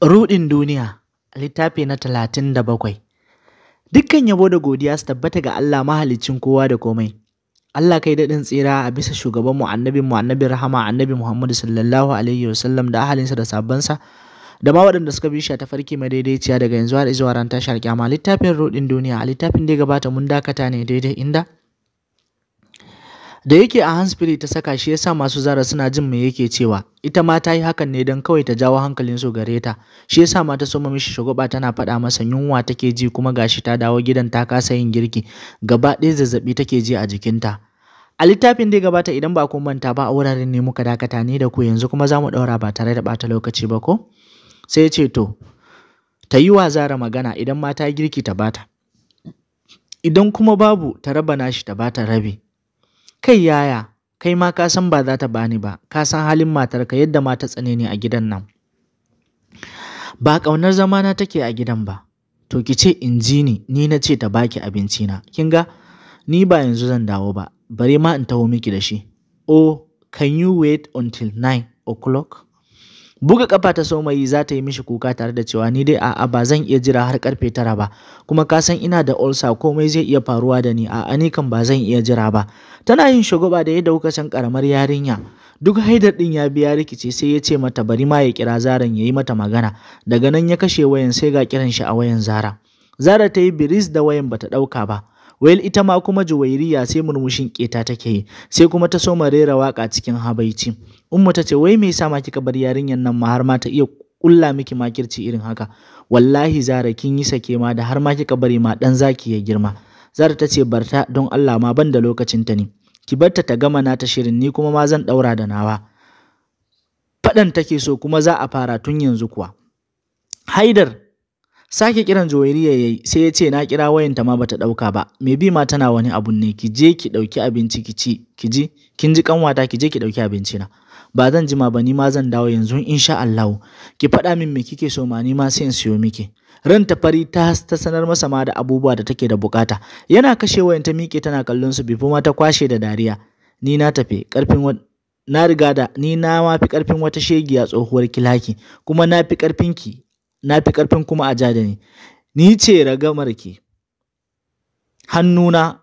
Ruɗin duniya, littafi na talatin da bakwai. Dukkan yabo da godiya su tabbata ga Allah mahalicin kowa da komai. Allah kai daɗin tsira a bisa shugaban mu annabin mu annabi rahama annabi Muhammadu sallallahu alaihi wasallam da ahalinsa da sabbansa da ma waɗanda suka bi shi a ta farki daidaiciya daga yanzu har izuwa ran tashar kyama littafin ruɗin duniya a littafin da ya gabata mun dakata ne daidai inda da yake a handsfree ta saka shi yasa masu zara suna jin me yake cewa ita ma ta yi hakan ne don kawai ta jawo hankalin su gare ta shi yasa ma ta soma mishi shugaba tana faɗa masa yunwa take ji kuma gashi ta dawo gidan ta kasa yin girki gaba ɗaya zazzaɓi take ji a jikinta a littafin da gabata idan ba kun manta ba a wuraren ne muka dakata ni da ku yanzu kuma za mu ɗaura ba tare da ɓata lokaci ba ko sai ce to ta yi wa zara magana idan ma ta girki ta bata idan kuma babu ta raba nashi ta bata rabi Kai yaya, kai ma ka san ba za ta bani ba, ka san halin matarka yadda ma ta tsane ni a gidan nan. Ba ƙaunar zamana take a gidan ba, to ki ce in ji ni, ni na ce ta baki abinci na. Kin ga, ni ba yanzu zan dawo ba, bare ma in taho miki da shi. Oh, can you wait until 9 o'clock? buga kafa ta somayi za ta yi mishi kuka tare da cewa ni dai a'a ba zan iya jira har karfe tara ba kuma ka san ina da ulcer komai zai iya faruwa da ni a'a ni kan ba zan iya jira ba tana yin shugaba da yadda kuka san karamar yarinya duk haidar din ya biya rikice sai ya ce mata bari ma ya kira zaran ya yi mata magana daga nan ya kashe wayan sai ga kiran shi a wayan zara zara ta yi biris da wayan bata dauka ba Wail ita ma kuma Juwairiya sai murmushin keta take yi, sai kuma ta soma rera waka cikin habaici. Ummu ta ce, wai me yasa ma kika bar yarinyar nan ma har ma ta iya kulla miki makirci irin haka. Wallahi Zara kin yi sake ma da har ma kika bari ma dan zaki ya girma. Zara ta ce barta don Allah ma ban da ta ne. Ki barta ta gama na ta shirin ni kuma ma zan daura da nawa. Faɗan take so kuma za a fara tun yanzu kuwa. Haidar Sake kiran Juwairiya yayi sai ya ce na kira wayanta ma bata dauka ba. Me bi ma tana wani abun ne ki je ki dauki abinci ki ci ki ji kin ji kanwata ki je ki dauki abinci na. Ba zan jima ba ni ma zan dawo yanzu insha Allah. Ki faɗa min me kike so ma ni ma sai in siyo miki. Ranta fari ta ta sanar masa ma da abubuwa da take da bukata. Yana kashe wayan ta miƙe tana kallon su bifo ma ta kwashe da dariya. Ni na tafi karfin na riga da ni na ma fi karfin wata shegiya tsohuwar kilaki kuma na fi karfin ki na fi ƙarfin kuma a ja da ni ni ce ragamarki hannuna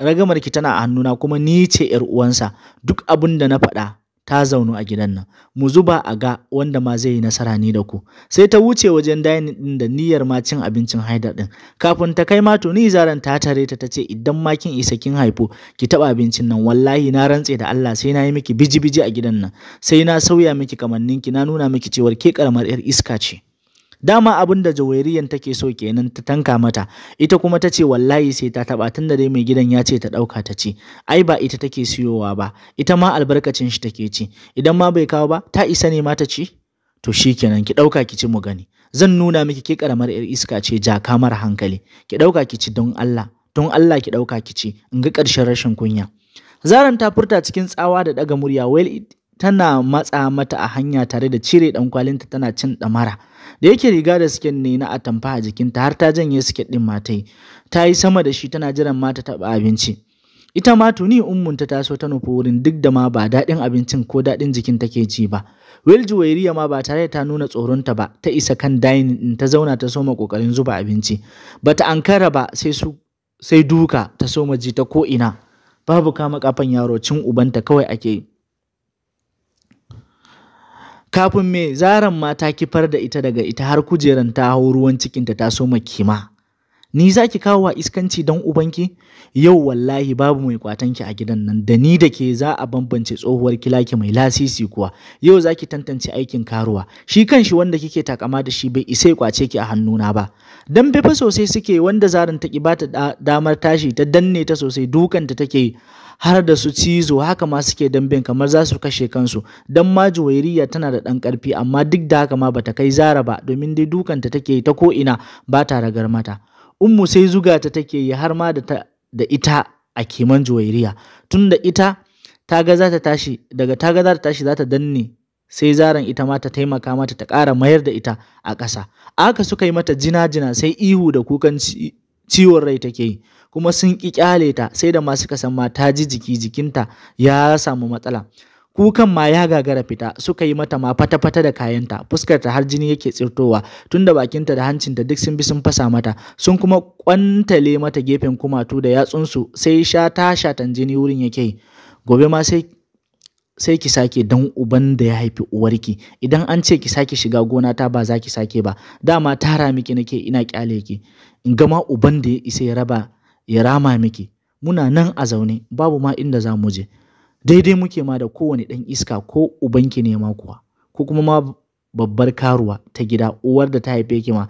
ragamarki tana a hannuna kuma ni ce ‘yar uwansa duk abin da na faɗa ta zaunu a gidan nan mu zuba a ga wanda ma zai yi nasara ni da ku sai ta wuce wajen dayin din da niyyar ma cin abincin haidar din kafin ta kai ma to ni zaran ta tare ta ce idan ma kin isa kin haifo ki taɓa abincin nan wallahi na rantse da Allah sai na yi miki biji biji a gidan nan sai na sauya miki kamannin na nuna miki cewar ke karamar yar iska ce dama abin da jawariyan take so kenan ta tanka mata ita kuma ta ce wallahi sai ta taba tunda dai mai gidan ya ce ta dauka ta ci ai ba ita take siyowa ba ita ma albarkacin shi take ci idan ma bai kawo ba ta isa ne ma ta ci to shikenan ki dauka ki ci mu gani zan nuna miki ke karamar yar iska ce ja kamar hankali ki dauka ki ci don Allah don Allah ki dauka ki ci in ga karshen rashin kunya Zaran ta furta cikin tsawa da daga murya, well, tana matsa mata a hanya tare da cire ɗankwalinta tana cin ɗamara da yake riga da suke ne na atamfa a jikinta har ta janye siket ɗin matai ta yi sama da shi tana jiran mata taɓa abinci ita ma tuni ummunta ta so ta nufi wurin duk da ma ba daɗin abincin ko daɗin jikin take ci ba Will Juwairiya ma ba tare ta nuna tsoronta ba ta isa kan dining in ta zauna ta soma kokarin zuba abinci bata ankara ba sai su sai duka ta soma ji ta ko ina babu kama kafan yaro cin ubanta kawai ake yi kafin me zaran ma ta kifar da ita daga ita har kujeran ta hau ruwan cikinta ta soma kima ni za ki kawo wa iskanci don ubanki yau wallahi babu mai kwatanki a gidan nan da ni da ke za a bambance tsohuwar kilaki mai lasisi kuwa yau za ki tantance aikin karuwa shi kan shi wanda kike takama da shi bai isai kwace ki a hannuna ba dan fa sosai suke wanda zaran ta ki bata damar tashi ta danne ta sosai dukanta take har da su cizo haka ma suke damben kamar za su kashe kansu dan ma juwairiya tana da ɗan karfi amma duk da haka ma bata kai zara ba domin dai dukanta take ta ko ina ba ta ragar mata ummu sai zuga ta take yi har ma da ita a kiman juwairiya tunda ita ta ga za ta tashi daga ta ga za ta tashi za ta danne sai zaran ita ma ta taimaka mata ta ƙara mayar da ita a ƙasa aka suka yi mata jina-jina sai ihu da kukan ciwon rai take yi kuma sun ƙi ƙyale ta sai da masu kasan ma ta ji jiki jikinta ya samu matsala kukan ma ya gagara fita suka yi mata ma fata-fata da kayanta fuskar ta har jini yake tsirtowa tunda bakinta da hancinta duk sun bi sun fasa mata sun kuma kwantale mata gefen kumatu da yatsunsu sai sha ta shatan jini wurin yake gobe ma sai sai ki sake dan uban da ya haifi uwarki idan an ce ki sake shiga gona ta ba za ki sake ba dama tara miki nake ina kyale ki in ga ma uban da ya isa ya raba ya rama miki muna nan a zaune babu ma inda za mu je daidai muke ma da kowane ɗan iska ko ubanki ne ma kuwa ko kuma ma babbar karuwa ta gida uwar da ta haife ki ma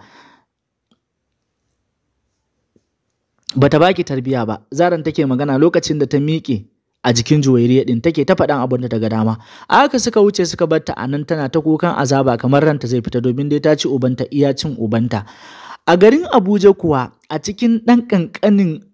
ta baki tarbiya ba zaran take magana lokacin da ta miƙe a jikin juwairiya din take ta faɗan abin da daga dama haka suka wuce suka barta a nan tana ta kukan azaba kamar ranta zai fita domin dai ta ci ubanta iya cin ubanta a garin abuja kuwa a cikin ɗan ƙanƙanin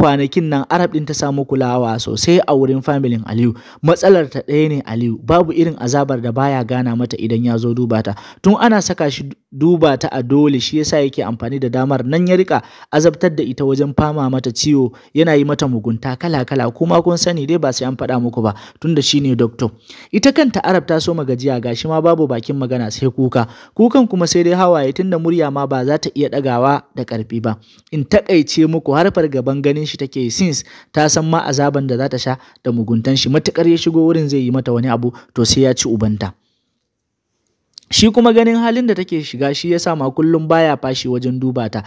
kwanakin nan Arab din ta samu kulawa sosai a wurin familin Aliyu. Matsalar ta ɗaya ne Aliyu, babu irin azabar da baya gana mata idan ya zo duba ta. Tun ana saka shi duba ta a dole shi yasa yake amfani da damar nan ya rika azabtar da ita wajen fama mata ciwo yana yi mata mugunta kala-kala kuma kun sani dai ba sai an faɗa muku ba tunda shi ne doctor. Ita kanta Arab ta so magajiya gashi ma babu bakin magana sai kuka. Kukan kuma sai dai hawaye tunda murya ma ba za ta iya ɗagawa da ƙarfi ba. In taƙaice muku harfar gaban ganin shi take yi since ta san ma azaban da za ta sha da muguntan shi matukar ya shigo wurin zai yi mata wani abu to sai ya ci ubanta shi kuma ganin halin da take shiga shi yasa ma kullum baya fashi wajen duba ta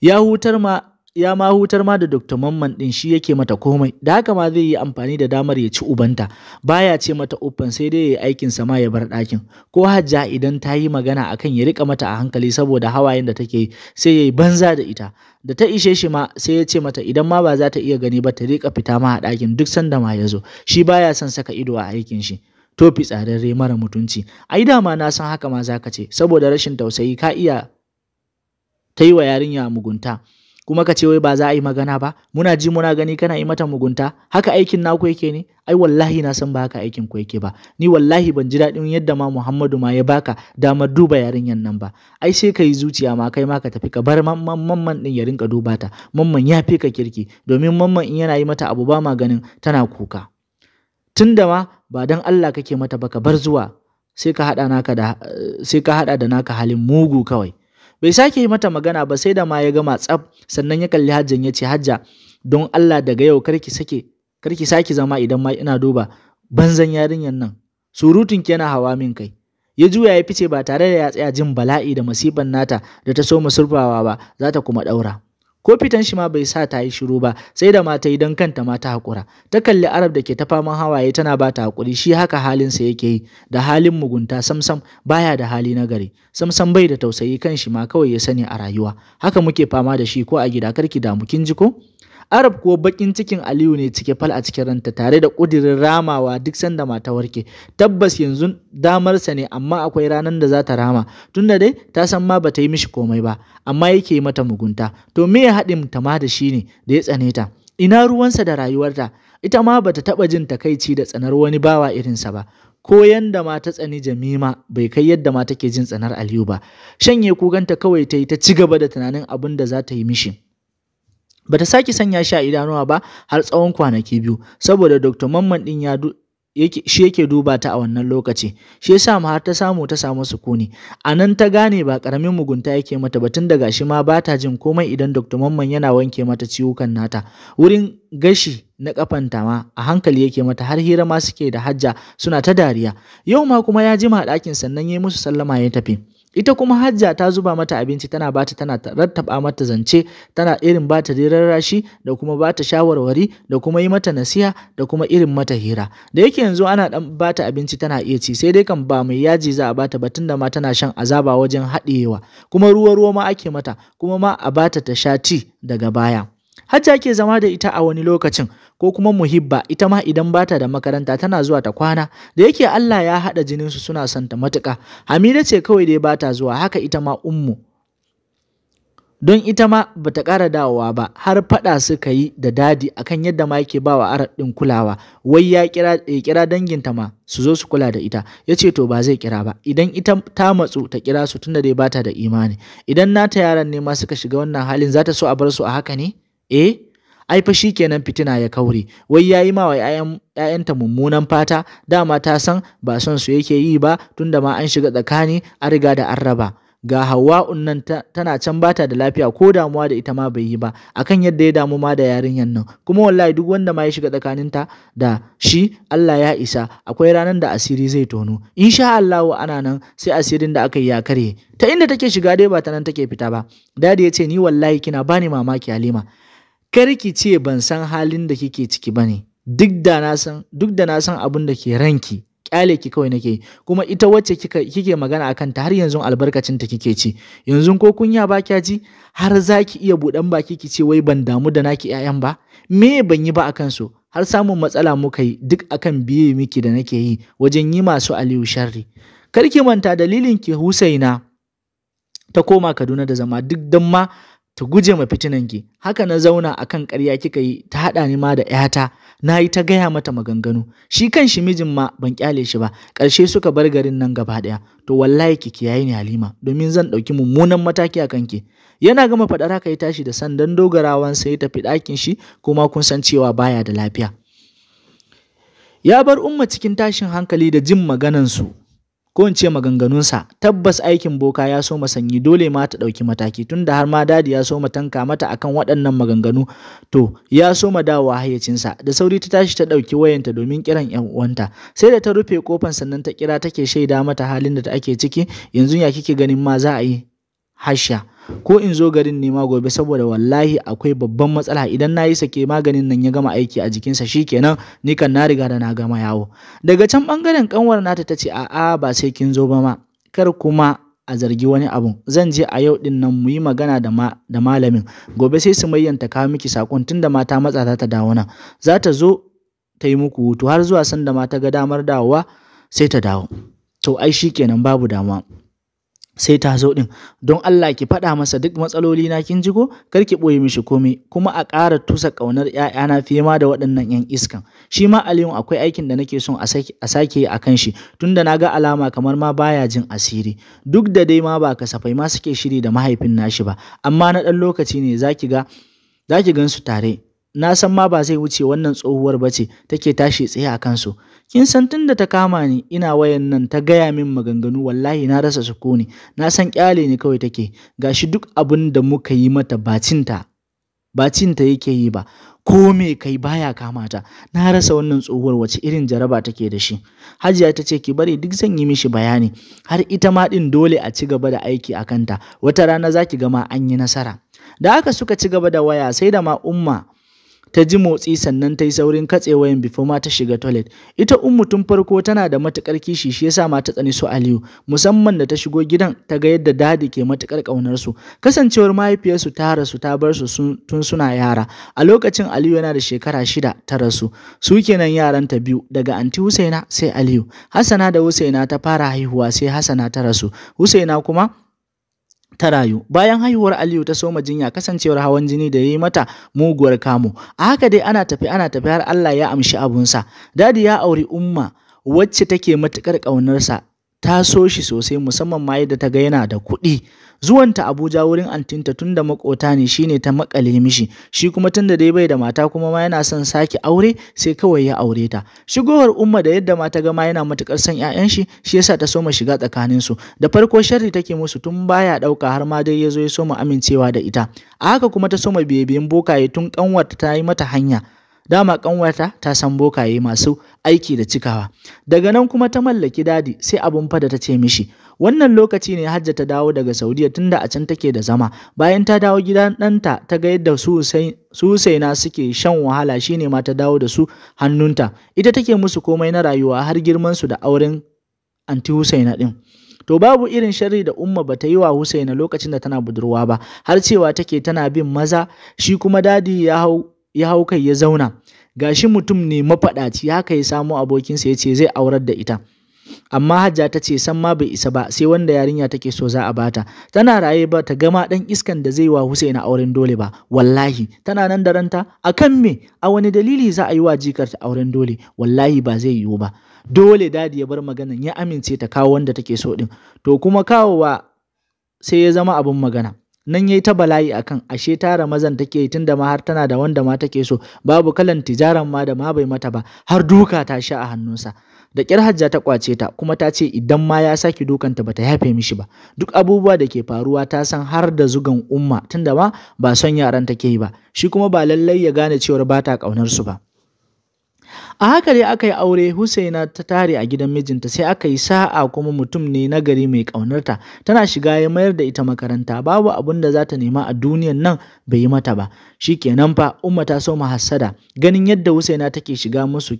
ya hutar ma ya ma hutar ma da Dr. Mamman din shi yake mata komai da haka ma zai yi amfani da damar ya ci ubanta baya ce mata uffan sai dai ya yi aikin sa ma ya bar ɗakin ko hajja idan ta yi magana akan ya rika mata a hankali saboda hawayen da take sai ya yi banza da ita da ta ishe shi ma sai ya ce mata idan ma ba za ta iya gani ba ta rika fita ma a ɗakin duk sanda ma ya zo shi baya son saka ido a aikin shi to fitsararre mara mutunci ai dama na san haka ma zaka ce saboda rashin tausayi ka iya ta yi wa yarinya mugunta kuma ka ce wai ba za a yi magana ba muna ji muna gani kana yi mata mugunta haka aikin naku yake ne ai wallahi na san ba haka aikin ku yake ba ni wallahi ban ji daɗin yadda ma Muhammadu ma ya baka damar duba yarinyan nan ba ai sai ka yi zuciya ma kai ma ka tafi ka bar mamman din ya rinka duba ta mamman ya fi ka kirki domin mamman in yana yi mata abu ba ma ganin tana kuka tunda ma ba dan Allah kake mata ba ka bar zuwa sai eh, sai ka haɗa da naka halin mugu kawai bai sake yi mata magana ba sai da ma ya gama tsaf sannan ya kalli hajjan ya ce hajja don Allah daga yau karki sake karki sake zama idan ma ina duba banzan yarinyar nan surutun ki yana hawa min kai ya juya ya fice ba tare da ya tsaya jin bala'i da masifan nata da ta so musurfawa ba za ta kuma daura ko fitan shi ma bai sa ta yi shiru ba sai da mata don kanta ma ta haƙura ta kalli arab da ke ta faman hawaye tana ba ta haƙuri shi haka halin sa yake yi da halin mugunta samsam baya da hali na gari samsam bai da tausayi kan shi ma kawai ya sani a rayuwa haka muke fama da shi ko a gida karki damu kin ji ko Arab ko bakin cikin Aliyu ne cike fal a cikin ranta tare da ƙudirin ramawa duk sanda mata warke. Tabbas yanzu damarsa ne amma akwai ranar da za ta rama tunda dai ta san ma ta yi mishi komai ba amma yake yi mata mugunta. To me ya haɗin ta ma da shi ne da ya tsane ta. Ina ruwansa da rayuwarta ita ma ba ta taɓa jin takaici da tsanar wani bawa irinsa ba. ko yanda ma ta tsani Jamima bai kai yadda ma take jin tsanar Aliyu ba. Shanye kuganta kawai ta yi ta ci gaba da tunanin abin da za ta yi mishi. ba ta sake sanya shi a idanuwa ba har tsawon kwanaki biyu saboda dr mamman din ya shi yake duba ta a wannan lokaci shi yasa ma har ta samu ta samu sukuni a nan ta gane ba karamin mugunta yake mata ba tun daga shi ma ba ta jin komai idan dr mamman yana wanke mata ciwukan nata wurin gashi na kafanta ma a hankali yake mata har hira ma suke da hajja suna ta dariya yau ma kuma ya jima a ɗakin sannan ya yi musu sallama ya tafi ita kuma hajja ta zuba mata abinci tana bata tana rattaba mata zance tana irin bata rarrashi da kuma bata shawarwari da kuma yi mata nasiha da kuma irin mata hira da yake yanzu ana dan bata abinci tana iya ci sai dai kan ba mai yaji za a bata ba tunda ma tana shan azaba wajen haɗewa, kuma ruwa ruwa ma ake mata kuma ma a bata ta sha ti daga baya Hajja ke zama da ita a wani lokacin ko kuma muhibba ita ma idan bata da makaranta tana zuwa ta kwana da yake Allah ya haɗa jininsu suna son ta matuƙa. Hamida ce kawai dai bata zuwa haka ita ma ummu. Don ita ma bata ƙara dawowa ba har faɗa suka yi da dadi akan yadda ma yake bawa arat ɗin kulawa wai ya kira, danginta ma su zo su kula da ita ya ce to ba zai kira ba idan ita ta matsu ta kira su tunda dai bata da imani idan nata yaran ne ma suka shiga wannan halin za ta so a bar su a haka ne? eh ai fa kenan fitina ya kaure wai yayi ma wa ƴaƴanta mummunan fata dama ta san ba son su yake yi ba tunda ma an shiga tsakani an riga da an raba ga hawa unnan tana can bata da lafiya ko damuwa da ita ma bai yi ba akan yadda ya damu ma da yarinyan nan kuma wallahi duk wanda ma ya shiga tsakaninta da shi Allah ya isa akwai ranar da asiri zai tono insha Allah ana nan sai asirin da aka yi ya karye ta inda take shiga dai ba ta nan take fita ba dadi ya ce ni wallahi kina bani mamaki Halima kar ki ce ban san halin da kike ciki ba ne, duk da na san abin da ke ranki kyale ki kawai nake kuma ita wacce kike magana a kanta, har yanzu albarkacin ta kike ci yanzu ko kunya ba kya ji har za ki iya buɗan baki ki ce wai ban damu da naki ƴaƴan ba me ban yi ba a kansu, har samun matsala muka yi duk akan biye miki da nake yi wajen yi masu aliyu sharri kar ki manta dalilin ki husaina ta koma kaduna da zama duk dan ma Ta guje ma fitinan ki haka na zauna akan ƙarya kika yi ta haɗa ni ma da ƴata na yi ta gaya mata maganganu shi kan shi mijin ma ban kyale shi ba ƙarshe suka bar garin nan gaba ɗaya to wallahi ki kiyaye ni Halima domin zan ɗauki mummunan mataki a kanki yana gama faɗar haka ya tashi da san sandan dogarawan sai ya tafi ɗakin shi kuma kun san cewa baya da lafiya ya bar umma cikin tashin hankali da jin maganansu ko in ce maganganunsa tabbas aikin boka ya soma sanyi dole ma ta ɗauki mataki tunda har ma dadi ya so tanka mata akan waɗannan maganganu to ya soma ma dawowa hayyacinsa da sauri ta tashi ta ɗauki wayanta domin kiran yan uwanta sai da ta rufe kofan sannan ta kira take shaida mata halin da ake ciki yanzu ya kike ganin ma za a yi hasha ko in zo garin nema gobe saboda wallahi akwai babban matsala idan na yi sake maganin nan ya gama aiki a jikinsa shikenan ni kan na riga da na gama yawo daga can bangaren kanwar nata ta ce a'a ba sai kin zo ba ma kar kuma a zargi wani abun zan je a yau din nan mu yi magana da malamin gobe sai su mayyanta kawo miki sakon tunda mata matsa za ta dawo nan za ta zo ta yi muku hutu har zuwa sanda mata ga damar dawowa sai ta dawo to ai shikenan babu dama sai ta zo ɗin don Allah ki faɗa masa duk matsaloli na kin jigo kar ki ɓoye mishi komai kuma a ƙara tusa ƙaunar ‘ya'yana fiye ma da waɗannan ‘yan iskan shi ma Aliyu akwai aikin da nake son a sake a kan shi tunda na ga alama kamar ma baya jin asiri duk da dai ma ba kasafai ma suke shiri da mahaifin nashi ba amma na ɗan lokaci ne za ki ga za ki gan su tare na san ma ba zai wuce wannan tsohuwar ba ce take tashi tsaye a kansu kin san tun da ta kama ni ina wayan nan ta gaya min maganganu wallahi na rasa sukuni na san kyale ne kawai take gashi duk abin da muka yi mata bacinta bacinta yake yi ba ko me kai baya kamata na rasa wannan tsohuwar wace irin jaraba take da shi hajiya ta ce ki bari duk zan yi mishi bayani har ita ma din dole a ci gaba da aiki a kanta wata rana zaki gama an yi nasara da haka suka ci gaba da waya sai da ma umma ta ji motsi sannan ta yi saurin katse wayan bifo ma ta shiga toilet ita ummu tun farko tana da matukar kishi shi yasa ma ta tsani su Aliyu musamman da ta shigo gidan ta ga yadda dadi ke matukar kaunar su kasancewar mahaifiyarsu ta rasu ta bar su tun suna yara a lokacin Aliyu yana da shekara shida ta rasu su kenan yaranta biyu daga anti Husaina sai Aliyu Hassana da Husaina ta fara haihuwa sai Hassana ta rasu Husaina kuma ta rayu bayan haihuwar aliyu ta soma jinya kasancewar hawan jini da ya yi mata muguwar kamo a haka dai ana tafi ana tafi har allah ya amshi abunsa dadi ya auri umma wacce take matuƙar ƙaunarsa ta so shi sosai musamman ma yadda ta ga yana da kuɗi zuwanta Abuja wurin antinta tunda makota ne shine ta makale mishi shi kuma tunda dai bai da mata kuma ma yana son sake aure sai kawai ya aure ta shigowar umma da yadda ma ta ga ma yana matukar son ƴaƴan shi shi yasa ta soma shiga tsakanin su da farko sharri take musu tun baya ɗauka, har ma dai yazo ya soma amincewa da ita a haka kuma ta soma biyebiyen bokaye tun kanwar ta yi mata hanya dama kanwata ta san bokaye masu aiki da cikawa daga nan kuma ta mallaki dadi sai abun fada ta ce mishi wannan lokaci ne hajja ta dawo daga saudiya tunda a can take da zama bayan ta dawo gidan ɗanta ta ga yadda su Husaina suke shan wahala shine ma ta dawo da su hannunta ita take musu komai na rayuwa har girman su da auren anti Husaina din to babu irin sharri da umma bata yi wa Husaina lokacin da tana budurwa ba har cewa take tana bin maza shi kuma dadi ya hau ya hau kai ya zauna gashi mutum ne mafaɗaci haka ya samo abokinsa ya ce zai aurar da ita amma hajja ta ce san ma bai isa ba sai wanda yarinya take so za a bata tana raye ba ta gama dan iskan da zai wa Husaina auren dole ba wallahi tana nan da ranta akan me a wani dalili za a yi wa jikar ta auren dole wallahi ba zai yiwu ba dole dadi ya bar maganan ya amince ta kawo wanda take so din to kuma kawowa sai ya zama abin magana nan yayi ta bala'i akan ashe tara mazan take yi tunda ma har tana da wanda ma take so babu kalan tijaran ma da ma bai mata ba har duka ta sha a hannunsa da kyar hajja ta kwace ta kuma ta ce idan ma ya saki dukanta bata yafe mishi ba duk abubuwa da ke faruwa ta san har da zugan umma tunda ma ba son yaran take yi ba shi kuma ba lallai ya gane cewar bata kaunar su ba a haka dai aka yi aure husaina ta tare a gidan mijinta sai aka yi sa'a kuma mutum ne na gari mai ƙaunarta tana shiga ya mayar da ita makaranta babu abin da za ta nema a duniyan nan bai yi mata ba Shi kenan fa umma ta so hassada ganin yadda husaina take shiga musu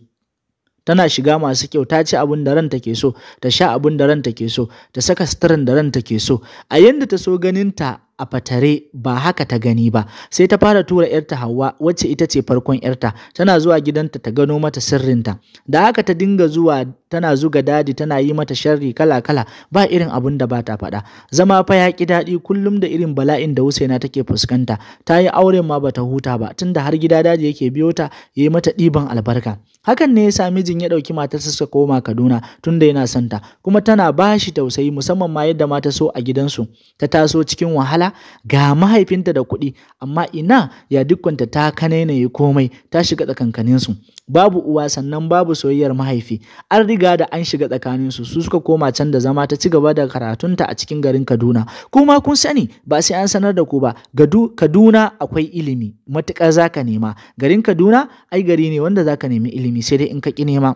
tana shiga masu kyau ta ci abin da ranta ke so ta sha abin da ranta ke so ta saka sitirin da ranta ke so a yadda ta so ganin ta a fatare ba haka ta gani ba sai ta fara tura yarta Hauwa wacce ita ce farkon yarta tana zuwa gidanta ta gano mata sirrinta da haka ta dinga zuwa tana zuga dadi tana yi mata sharri kala kala ba irin abun da bata faɗa zama fa ya daɗi kullum da irin bala'in da Husaina take fuskanta ta yi auren ma bata huta ba tunda har gida daji yake biyo ta yi mata ɗiban albarka hakan ne ya sa mijin ya ɗauki matarsa suka koma Kaduna tunda yana santa kuma tana bashi tausayi musamman ma yadda mata so a gidansu ta taso cikin wahala ga mahaifinta da kuɗi amma ina ya dukkanta ta ya komai ta shiga tsakankaninsu babu uwa sannan babu soyayyar mahaifi an riga da an shiga tsakanin su su suka koma can da zama ta ci gaba da karatunta a cikin garin Kaduna kuma kun sani ba sai an sanar da ku ba gadu Kaduna akwai ilimi matukar zaka nema garin Kaduna ai gari ne wanda zaka nemi ilimi sai dai in ka ki nema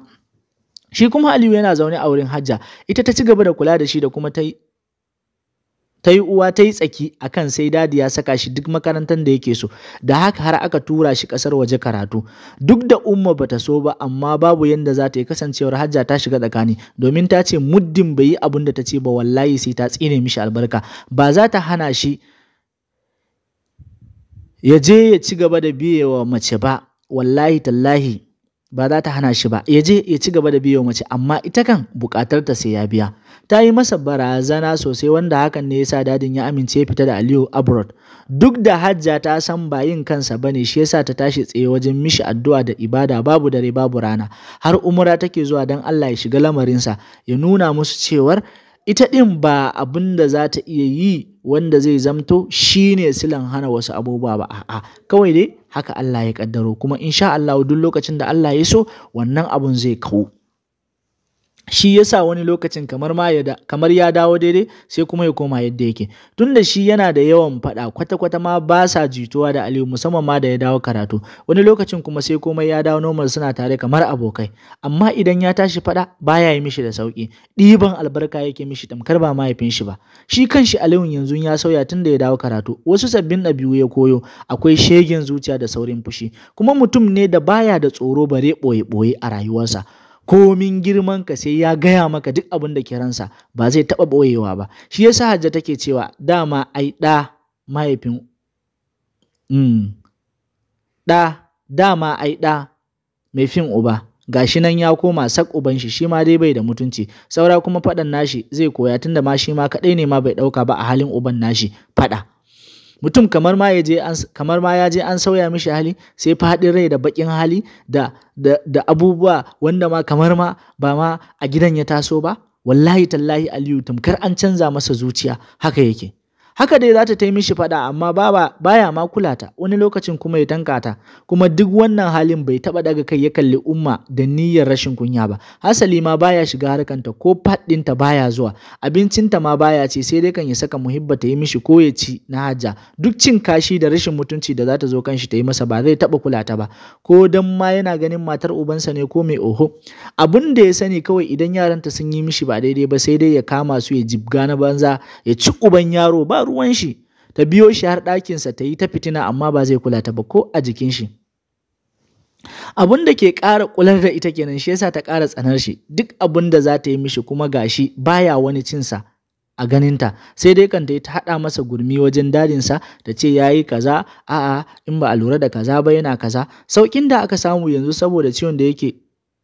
shi kuma Aliyu yana zaune a wurin Hajja ita ta ci gaba da kula da shi da kuma ta ta yi uwa ta yi tsaki a kan sai dadi ya saka shi duk makarantar da yake so da haka har aka tura shi kasar waje karatu duk da umma bata so ba amma babu yadda za ta yi kasancewar hajja ta shiga tsakani domin ta ce muddin bai yi abin da ta ce ba wallahi sai ta tsine mishi albarka ba za ta hana shi ya je ya ci gaba da biyewa mace ba wallahi tallahi ba za ta hana shi ba ya je ya ci gaba da biyo mace amma ita kan bukatar ta sai ya biya ta yi masa barazana sosai wanda hakan ne yasa dadin ya amince ya fita da Aliyu abroad duk da hajja ta san ba yin kansa bane shi yasa ta tashi tsaye wajen mishi addu'a da ibada babu dare babu rana har umura take zuwa dan Allah ya shiga lamarin sa ya nuna musu cewar ita ɗin ba abin da za ta iya yi wanda zai zamto shi ne silan hana wasu abubuwa ba a'a kawai dai haka Allah ya kaddaro kuma insha Allah duk lokacin da Allah ya so wannan abun zai kawo shi yasa wani lokacin kamar ma ya kamar ya dawo daidai sai kuma ya koma yadda yake tunda shi yana da yawan faɗa kwata-kwata ma ba sa jituwa da Aliyu musamman ma da ya dawo karatu wani lokacin kuma sai komai ya dawo normal suna tare kamar abokai amma idan ya tashi faɗa baya yi mishi da sauki ɗiban albarka yake mishi tamkar ba mahaifin shi ba shi kanshi Aliyu yanzu ya sauya tun da ya dawo karatu wasu sabbin ɗabi'u ya koyo akwai shegen zuciya da saurin fushi kuma mutum ne da baya da tsoro bare ɓoye-ɓoye a rayuwarsa komin girman ka sai ya gaya maka duk abin da ke ransa ba zai taɓa ɓoyewa ba shi yasa hajja take cewa dama ai ɗa mahaifin mm, ɗa dama ai ɗa mai fin uba ga shi nan ya koma sak uban shi shi ma dai bai da mutunci saura kuma faɗan nashi zai koya tunda ma shi ma kaɗai ne ma bai ɗauka ba a halin uban nashi faɗa mutum kamar ma yaje an ya je an sauya mishi hali sai faɗin rai da baƙin hali da da abubuwa wanda ma kamar ma ba ma a gidan ya taso ba wallahi tallahi aliyu tamkar an canza masa zuciya haka yake haka dai za ta ta yi mishi faɗa amma baba baya ma kula ta wani lokacin kuma ya tanka ta kuma duk wannan halin bai taba daga kai ya kalli umma da niyyar rashin kunya ba hasali ma baya shiga harkanta ko faɗinta baya zuwa abincinta ma baya ce sai dai kan ya saka muhibba ta yi mishi ko ya ci na hajja duk cin kashi da rashin mutunci da za ta zo kan shi ta yi masa ba zai taba kula ta ba ko dan ma yana ganin matar ubansa ne ko mai oho Abun da ya sani kawai idan yaranta sun yi mishi ba daidai ba sai dai ya kama su ya jibga na banza ya ci uban yaro ba ruwan shi ta biyo shi har ɗakinsa ta yi ta fitina amma ba zai kula ta ba ko a jikin shi abun da ke ƙara kular da ita kenan shi yasa ta ƙara tsanar shi duk abun da za ta yi mishi kuma gashi baya wani cinsa a ganinta sai dai kan ta yi ta haɗa masa gurmi wajen dadinsa ta ce ya yi kaza a'a in ba a lura da kaza ba yana kaza Saukin da aka samu yanzu saboda ciwon da yake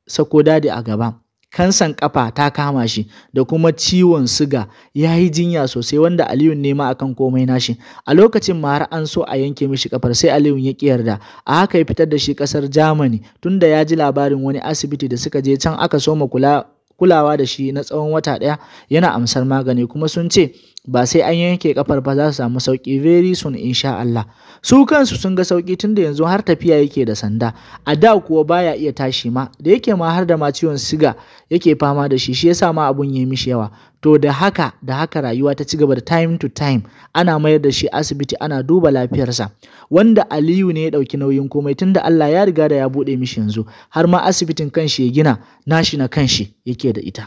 sako dadi a gaba kansan kafa ta kama shi da kuma ciwon siga ya yi jinya sosai wanda aliyun nema akan komai nashi a lokacin ma har an so a yanke mishi kafar sai aliyu ya kiyarda da a haka ya fitar da shi kasar germany tunda ya ji labarin wani asibiti da suka je can aka soma kula kulawa da shi na tsawon wata ɗaya yana amsar magani kuma sun ce ba sai an yanke kafar ba za su samu sauki very soon insha Allah su kansu sun ga sauki tunda yanzu har tafiya yake da sanda a da kuwa baya iya tashi ma da yake ma har da ma ciwon siga yake fama da shi shi yasa ma abun yayi mishi yawa to da haka da haka rayuwa ta ci gaba da time to time ana mayar da shi asibiti ana duba lafiyarsa wanda Aliyu ne ya dauki nauyin komai tunda Allah ya riga da ya bude mishi yanzu har ma asibitin kanshi ya gina nashi na kanshi yake da ita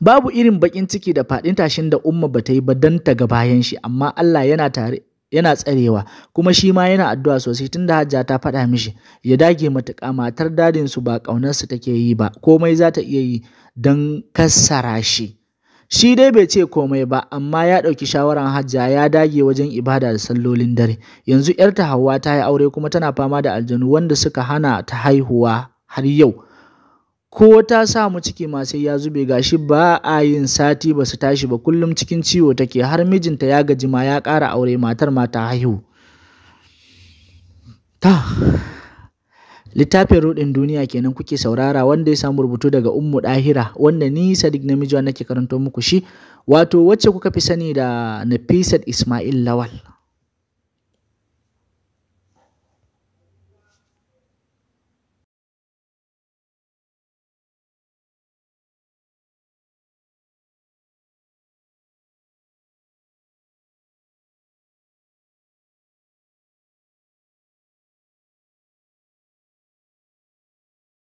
babu irin bakin ciki da faɗin tashin da umma ba ta yi ba dan ta ga bayan shi amma Allah yana tare yana tsarewa kuma shi ma yana addu'a sosai tunda hajja ta faɗa mishi ya dage matuka, matar dadin su ba ƙaunarsa take yi ba komai za ta iya yi don kassara shi shi dai bai ce komai ba amma ya ɗauki shawaran hajja ya dage wajen ibada da sallolin dare yanzu yarta hawa ta yi aure kuma tana fama da aljanu wanda suka hana ta haihuwa har yau ko ta samu ciki ma sai ya zube gashi ba a yin sati ba su tashi ba kullum cikin ciwo take har mijinta ya gaji ma ya ƙara aure matar ma ta haihu ta littafin rudin duniya kenan kuke saurara wanda ya samu rubutu daga ummu dahira wanda ni sadiq namijuwa nake karanto muku shi wato wacce kuka fi sani da nafisat ismail lawal